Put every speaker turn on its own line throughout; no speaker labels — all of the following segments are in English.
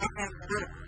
Thank you.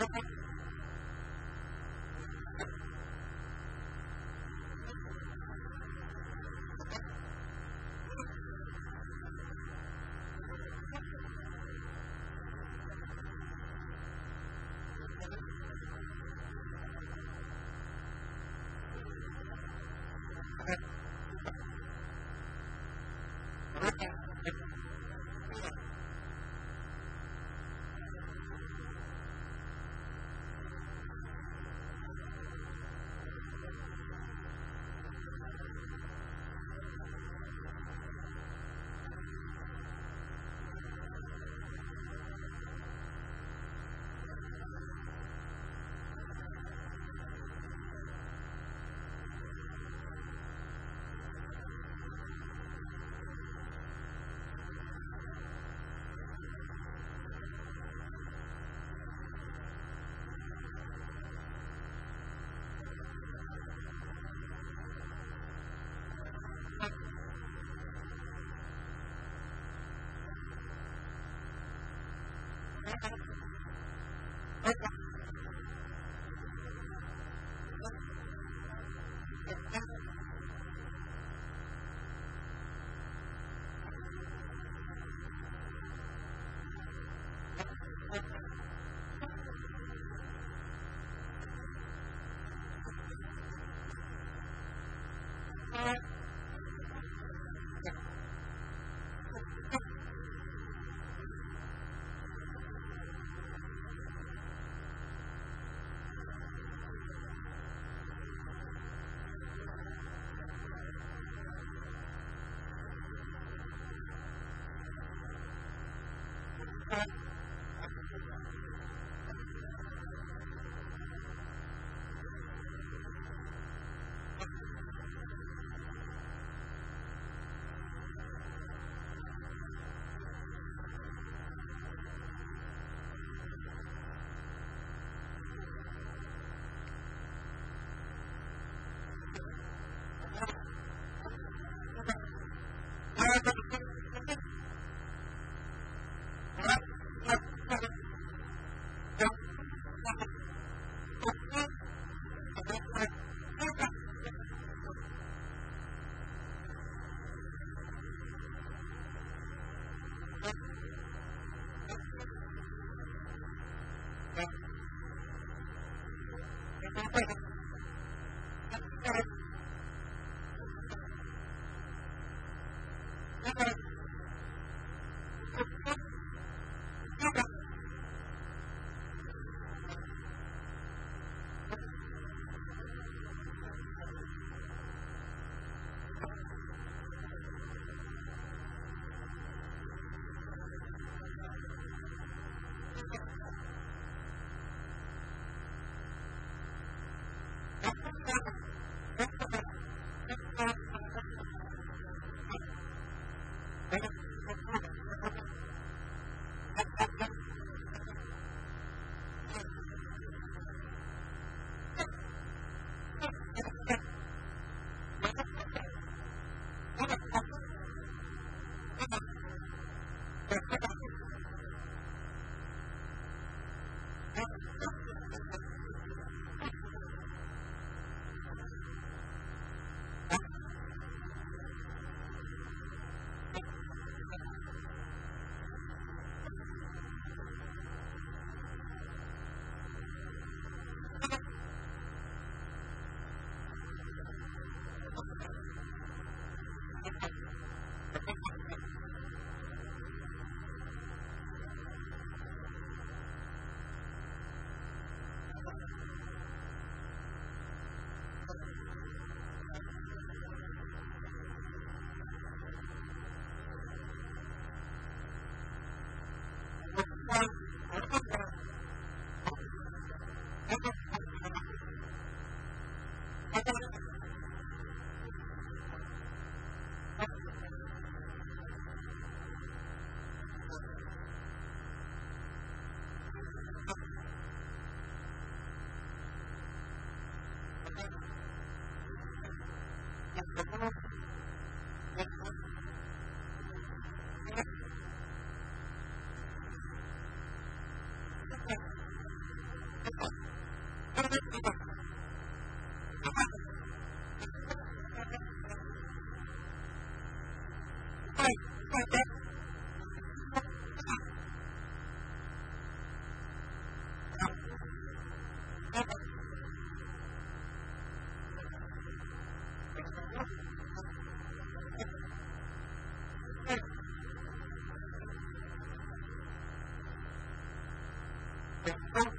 Okay. Thank you.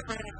hardly